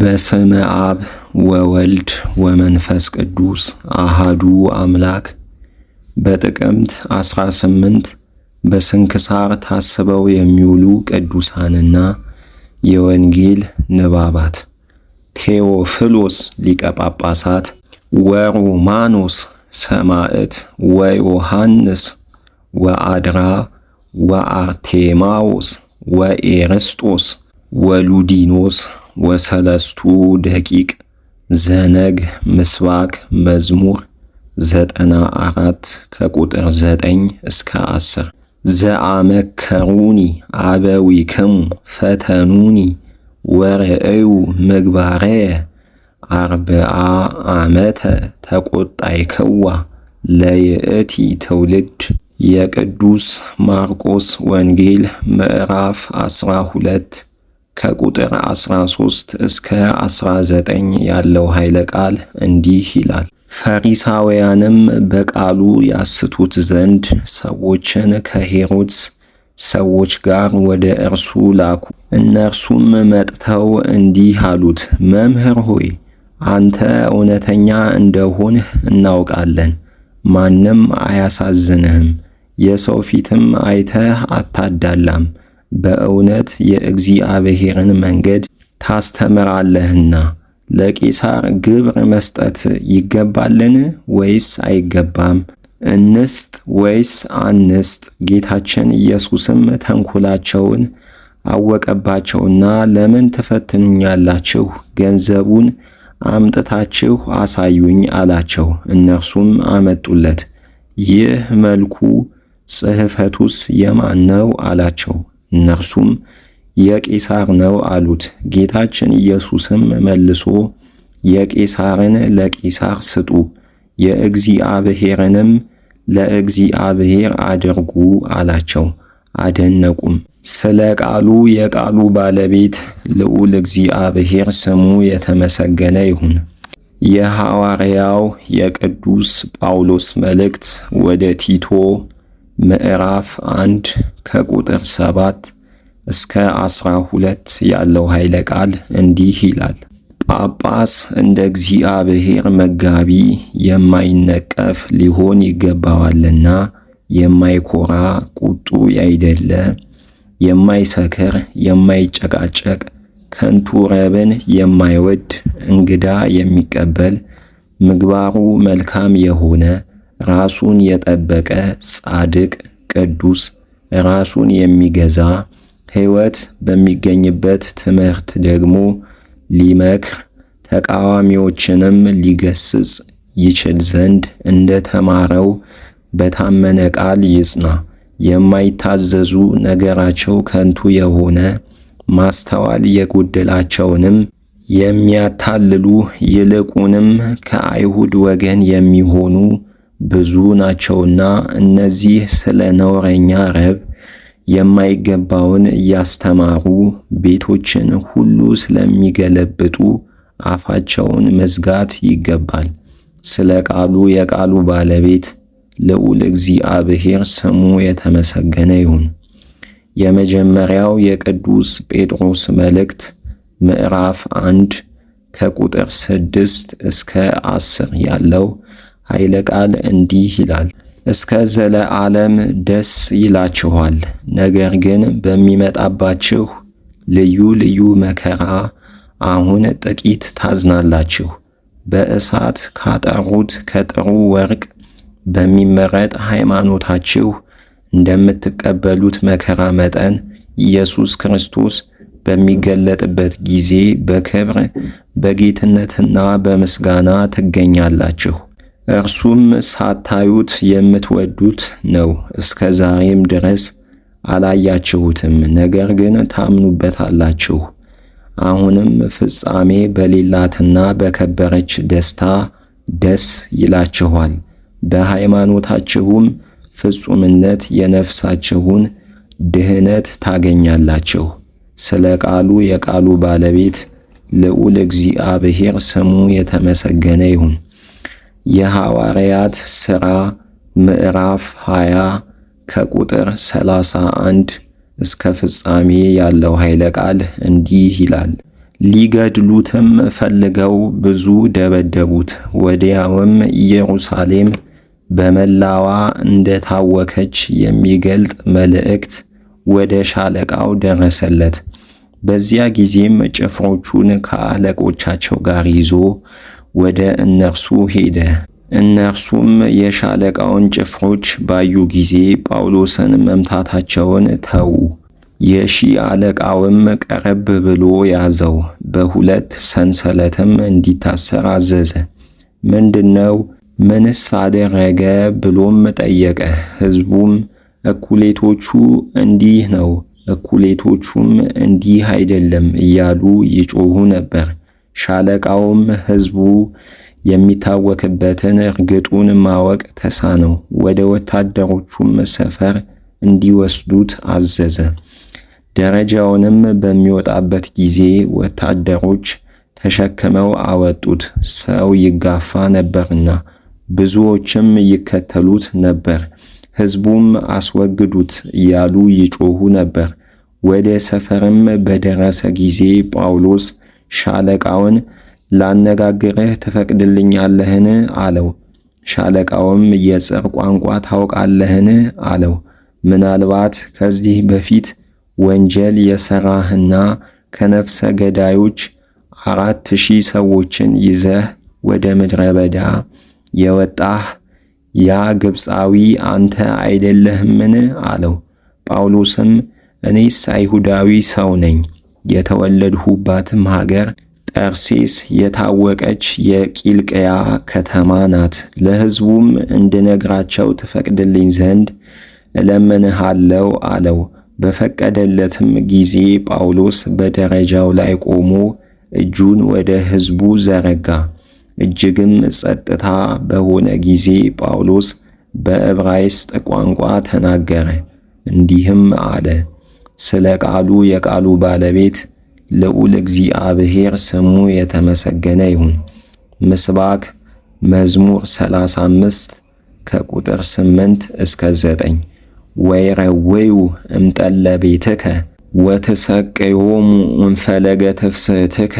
በስመ አብ ወወልድ ወመንፈስ ቅዱስ አሃዱ አምላክ። በጥቅምት 18 በስንክሳር ታስበው የሚውሉ ቅዱሳንና የወንጌል ንባባት ቴዎፍሎስ ሊቀ ጳጳሳት ወሮማኖስ ሰማዕት ወዮሐንስ ወአድራ ወአርቴማዎስ ወኤርስጦስ ወሉዲኖስ ወሰለስቱ ደቂቅ ዘነግ ምስባክ መዝሙር ዘጠና አራት ከቁጥር ዘጠኝ እስከ አስር ዘአመከሩኒ አበዊክሙ ፈተኑኒ ወርእዩ ምግባርየ አርብአ ዓመተ ተቆጣይክዋ ለይእቲ ትውልድ የቅዱስ ማርቆስ ወንጌል ምዕራፍ አስራ ሁለት ከቁጥር 13 እስከ 19 ያለው ኃይለ ቃል እንዲህ ይላል። ፈሪሳውያንም በቃሉ ያስቱት ዘንድ ሰዎችን ከሄሮድስ ሰዎች ጋር ወደ እርሱ ላኩ። እነርሱም መጥተው እንዲህ አሉት፣ መምህር ሆይ አንተ እውነተኛ እንደሆንህ እናውቃለን፣ ማንም አያሳዝንህም፣ የሰው ፊትም አይተህ አታዳላም በእውነት የእግዚአብሔርን መንገድ ታስተምራለህና ለቄሳር ግብር መስጠት ይገባልን ወይስ አይገባም? እንስጥ ወይስ አንስጥ? ጌታችን ኢየሱስም ተንኩላቸውን አወቀባቸውና ለምን ትፈትኑኛላችሁ? ገንዘቡን አምጥታችሁ አሳዩኝ አላቸው። እነርሱም አመጡለት። ይህ መልኩ ጽሕፈቱስ የማን ነው አላቸው። እነርሱም የቄሳር ነው አሉት። ጌታችን ኢየሱስም መልሶ የቄሳርን ለቄሳር ስጡ፣ የእግዚአብሔርንም ለእግዚአብሔር አድርጉ አላቸው። አደነቁም። ስለ ቃሉ የቃሉ ባለቤት ልዑል እግዚአብሔር ስሙ የተመሰገነ ይሁን። የሐዋርያው የቅዱስ ጳውሎስ መልእክት ወደ ቲቶ ምዕራፍ አንድ ከቁጥር ሰባት እስከ አስራ ሁለት ያለው ኃይለ ቃል እንዲህ ይላል። ጳጳስ እንደ እግዚአብሔር መጋቢ የማይነቀፍ ሊሆን ይገባዋልና የማይኮራ ቁጡ ያይደለ የማይሰክር የማይጨቃጨቅ ከንቱ ረብን የማይወድ እንግዳ የሚቀበል ምግባሩ መልካም የሆነ ራሱን የጠበቀ ጻድቅ ቅዱስ ራሱን የሚገዛ ሕይወት በሚገኝበት ትምህርት ደግሞ ሊመክር ተቃዋሚዎችንም ሊገስጽ ይችል ዘንድ እንደ ተማረው በታመነ ቃል ይጽና። የማይታዘዙ ነገራቸው ከንቱ የሆነ ማስተዋል የጎደላቸውንም የሚያታልሉ ይልቁንም ከአይሁድ ወገን የሚሆኑ ብዙ ናቸውና እነዚህ ስለ ነውረኛ ረብ የማይገባውን እያስተማሩ ቤቶችን ሁሉ ስለሚገለብጡ አፋቸውን መዝጋት ይገባል። ስለ ቃሉ የቃሉ ባለቤት ልዑል እግዚአብሔር ስሙ የተመሰገነ ይሁን። የመጀመሪያው የቅዱስ ጴጥሮስ መልእክት ምዕራፍ አንድ ከቁጥር ስድስት እስከ አስር ያለው ኃይለ ቃል እንዲህ ይላል እስከ ዓለም ደስ ይላችኋል። ነገር ግን በሚመጣባችሁ ልዩ ልዩ መከራ አሁን ጥቂት ታዝናላችሁ። በእሳት ካጠሩት ከጥሩ ወርቅ በሚመረጥ ሃይማኖታችሁ እንደምትቀበሉት መከራ መጠን ኢየሱስ ክርስቶስ በሚገለጥበት ጊዜ በክብር በጌትነትና በምስጋና ትገኛላችሁ። እርሱም ሳታዩት የምትወዱት ነው፣ እስከ ዛሬም ድረስ አላያችሁትም፣ ነገር ግን ታምኑበታላችሁ። አሁንም ፍጻሜ በሌላትና በከበረች ደስታ ደስ ይላችኋል። በሃይማኖታችሁም ፍጹምነት የነፍሳችሁን ድህነት ታገኛላችሁ። ስለ ቃሉ የቃሉ ባለቤት ልዑል እግዚአብሔር ስሙ የተመሰገነ ይሁን። የሐዋርያት ሥራ ምዕራፍ 20 ከቁጥር 31 እስከ ፍጻሜ ያለው ኃይለ ቃል እንዲህ ይላል። ሊገድሉትም ፈልገው ብዙ ደበደቡት። ወዲያውም ኢየሩሳሌም በመላዋ እንደታወከች የሚገልጥ መልእክት ወደ ሻለቃው ደረሰለት። በዚያ ጊዜም ጭፍሮቹን ከአለቆቻቸው ጋር ይዞ ወደ እነርሱ ሄደ። እነርሱም የሻለቃውን ጭፍሮች ባዩ ጊዜ ጳውሎስን መምታታቸውን ተዉ። የሺ አለቃውም ቀረብ ብሎ ያዘው፣ በሁለት ሰንሰለትም እንዲታሰር አዘዘ። ምንድነው? ምንስ አደረገ ብሎም ጠየቀ። ሕዝቡም እኩሌቶቹ እንዲህ ነው፣ እኩሌቶቹም እንዲህ አይደለም እያሉ ይጮሁ ነበር። ሻለቃውም ህዝቡ የሚታወክበትን እርግጡን ማወቅ ተሳነው። ወደ ወታደሮቹም ሰፈር እንዲወስዱት አዘዘ። ደረጃውንም በሚወጣበት ጊዜ ወታደሮች ተሸክመው አወጡት፣ ሰው ይጋፋ ነበርና፣ ብዙዎችም ይከተሉት ነበር። ህዝቡም አስወግዱት እያሉ ይጮሁ ነበር። ወደ ሰፈርም በደረሰ ጊዜ ጳውሎስ ሻለቃውን ላነጋግርህ ትፈቅድልኛለህን? አለው። ሻለቃውም የጽር ቋንቋ ታውቃለህን? አለው። ምናልባት ከዚህ በፊት ወንጀል የሰራህና ከነፍሰ ገዳዮች አራት ሺህ ሰዎችን ይዘህ ወደ ምድረ በዳ የወጣህ ያ ግብፃዊ አንተ አይደለህምን? አለው። ጳውሎስም እኔስ አይሁዳዊ ሰው ነኝ የተወለድሁባትም ሀገር ጠርሴስ የታወቀች የቂልቅያ ከተማ ናት። ለሕዝቡም እንድነግራቸው ትፈቅድልኝ ዘንድ እለምንሃለው አለው። በፈቀደለትም ጊዜ ጳውሎስ በደረጃው ላይ ቆሞ እጁን ወደ ሕዝቡ ዘረጋ። እጅግም ጸጥታ በሆነ ጊዜ ጳውሎስ በዕብራይስጥ ቋንቋ ተናገረ፣ እንዲህም አለ ስለ ቃሉ የቃሉ ባለቤት ልዑል እግዚአብሔር ስሙ የተመሰገነ ይሁን። ምስባክ መዝሙር 35 ከቁጥር 8 እስከ 9 ወይረወዩ እምጠለ ቤትከ ወትሰቅዮሙ እምፈለገ ትፍስሕትከ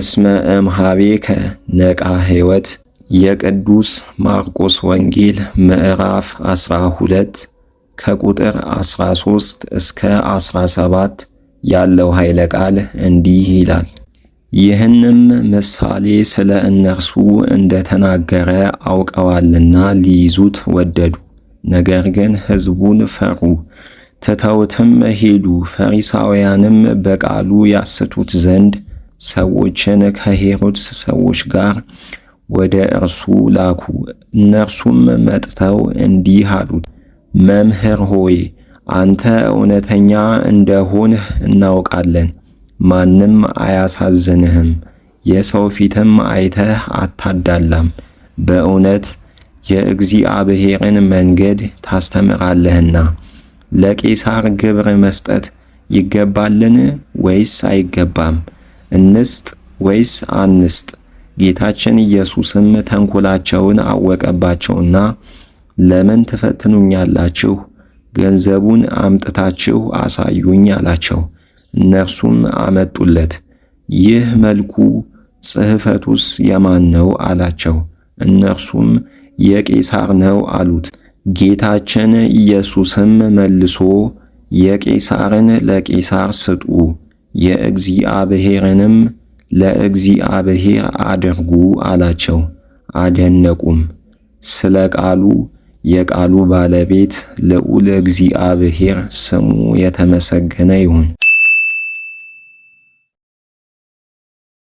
እስመ እምኀቤከ ነቃ ሕይወት የቅዱስ ማርቆስ ወንጌል ምዕራፍ 12 ከቁጥር 13 እስከ 17 ያለው ኃይለ ቃል እንዲህ ይላል። ይህንም ምሳሌ ስለ እነርሱ እንደ ተናገረ አውቀዋልና ሊይዙት ወደዱ። ነገር ግን ሕዝቡን ፈሩ፣ ትተውትም ሄዱ። ፈሪሳውያንም በቃሉ ያስቱት ዘንድ ሰዎችን ከሄሮድስ ሰዎች ጋር ወደ እርሱ ላኩ። እነርሱም መጥተው እንዲህ አሉት መምህር ሆይ አንተ እውነተኛ እንደሆንህ እናውቃለን፣ ማንም አያሳዝንህም፣ የሰው ፊትም አይተህ አታዳላም፣ በእውነት የእግዚአብሔርን መንገድ ታስተምራለህና። ለቄሳር ግብር መስጠት ይገባልን ወይስ አይገባም? እንስጥ ወይስ አንስጥ? ጌታችን ኢየሱስም ተንኮላቸውን አወቀባቸውና ለምን ትፈትኑኛላችሁ? ገንዘቡን አምጥታችሁ አሳዩኝ አላቸው። እነርሱም አመጡለት። ይህ መልኩ ጽሕፈቱስ የማን ነው አላቸው። እነርሱም የቄሳር ነው አሉት። ጌታችን ኢየሱስም መልሶ የቄሳርን ለቄሳር ስጡ፣ የእግዚአብሔርንም ለእግዚአብሔር አድርጉ አላቸው። አደነቁም ስለ ቃሉ የቃሉ ባለቤት ልዑል እግዚአብሔር ስሙ የተመሰገነ ይሁን።